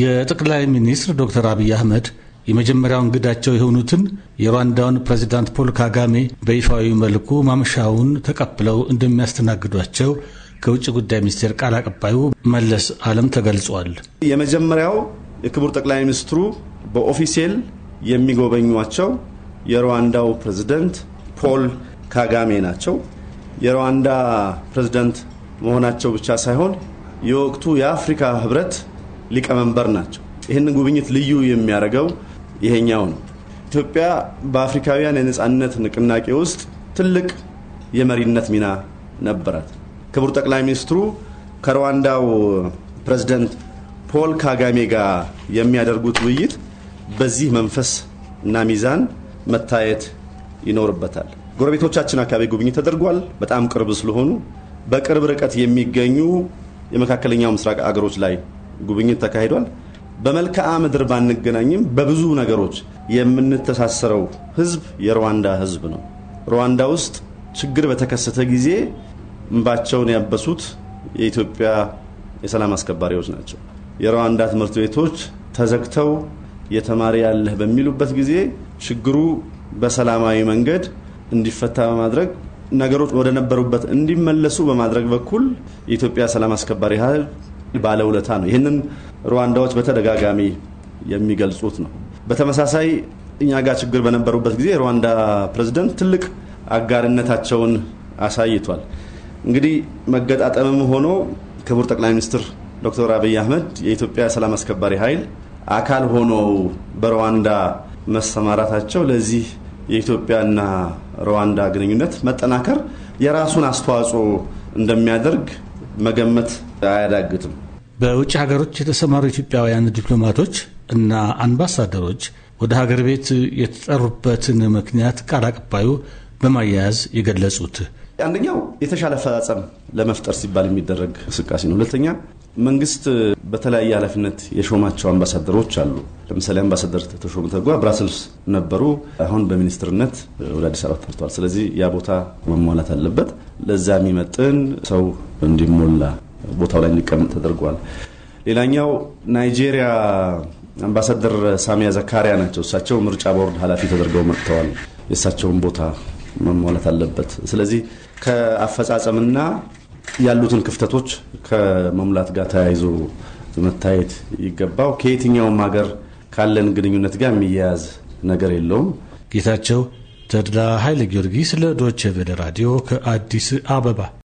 የጠቅላይ ሚኒስትር ዶክተር አብይ አህመድ የመጀመሪያው እንግዳቸው የሆኑትን የሩዋንዳውን ፕሬዚዳንት ፖል ካጋሜ በይፋዊ መልኩ ማምሻውን ተቀብለው እንደሚያስተናግዷቸው ከውጭ ጉዳይ ሚኒስቴር ቃል አቀባዩ መለስ አለም ተገልጿል። የመጀመሪያው የክቡር ጠቅላይ ሚኒስትሩ በኦፊሴል የሚጎበኟቸው የሩዋንዳው ፕሬዚደንት ፖል ካጋሜ ናቸው። የሩዋንዳ ፕሬዚደንት መሆናቸው ብቻ ሳይሆን የወቅቱ የአፍሪካ ህብረት ሊቀመንበር ናቸው። ይህንን ጉብኝት ልዩ የሚያደርገው ይሄኛው ነው። ኢትዮጵያ በአፍሪካውያን የነፃነት ንቅናቄ ውስጥ ትልቅ የመሪነት ሚና ነበራት። ክቡር ጠቅላይ ሚኒስትሩ ከሩዋንዳው ፕሬዝደንት ፖል ካጋሜ ጋር የሚያደርጉት ውይይት በዚህ መንፈስ እና ሚዛን መታየት ይኖርበታል። ጎረቤቶቻችን አካባቢ ጉብኝት ተደርጓል። በጣም ቅርብ ስለሆኑ በቅርብ ርቀት የሚገኙ የመካከለኛው ምስራቅ አገሮች ላይ ጉብኝት ተካሂዷል። በመልክዓ ምድር ባንገናኝም በብዙ ነገሮች የምንተሳሰረው ህዝብ የሩዋንዳ ህዝብ ነው። ሩዋንዳ ውስጥ ችግር በተከሰተ ጊዜ እንባቸውን ያበሱት የኢትዮጵያ የሰላም አስከባሪዎች ናቸው። የሩዋንዳ ትምህርት ቤቶች ተዘግተው የተማሪ ያለህ በሚሉበት ጊዜ ችግሩ በሰላማዊ መንገድ እንዲፈታ በማድረግ ነገሮች ወደ ነበሩበት እንዲመለሱ በማድረግ በኩል የኢትዮጵያ ሰላም አስከባሪ ኃይል ባለውለታ ነው። ይህንን ሩዋንዳዎች በተደጋጋሚ የሚገልጹት ነው። በተመሳሳይ እኛ ጋር ችግር በነበሩበት ጊዜ ሩዋንዳ ፕሬዝደንት ትልቅ አጋርነታቸውን አሳይቷል። እንግዲህ መገጣጠምም ሆኖ ክቡር ጠቅላይ ሚኒስትር ዶክተር አብይ አህመድ የኢትዮጵያ ሰላም አስከባሪ ኃይል አካል ሆኖ በሩዋንዳ መሰማራታቸው ለዚህ የኢትዮጵያና ሩዋንዳ ግንኙነት መጠናከር የራሱን አስተዋጽኦ እንደሚያደርግ መገመት አያዳግትም። በውጭ ሀገሮች የተሰማሩ ኢትዮጵያውያን ዲፕሎማቶች እና አምባሳደሮች ወደ ሀገር ቤት የተጠሩበትን ምክንያት ቃል አቀባዩ በማያያዝ የገለጹት አንደኛው የተሻለ አፈጻጸም ለመፍጠር ሲባል የሚደረግ እንቅስቃሴ ነው። ሁለተኛ መንግስት በተለያየ ኃላፊነት የሾማቸው አምባሳደሮች አሉ። ለምሳሌ አምባሳደር ተሾመ ተጓ ብራስልስ ነበሩ። አሁን በሚኒስትርነት ወደ አዲስ አበባ ተመርተዋል። ስለዚህ ያ ቦታ መሟላት አለበት። ለዛ የሚመጥን ሰው እንዲሞላ ቦታው ላይ እንዲቀመጥ ተደርጓል። ሌላኛው ናይጄሪያ አምባሳደር ሳሚያ ዘካሪያ ናቸው። እሳቸው ምርጫ ቦርድ ኃላፊ ተደርገው መጥተዋል። የእሳቸውን ቦታ መሟላት አለበት። ስለዚህ ከአፈጻጸምና ያሉትን ክፍተቶች ከመሙላት ጋር ተያይዞ መታየት ይገባው። ከየትኛውም ሀገር ካለን ግንኙነት ጋር የሚያያዝ ነገር የለውም። ጌታቸው ተድላ ኃይለ ጊዮርጊስ ለዶቼ ቬለ ራዲዮ ከአዲስ አበባ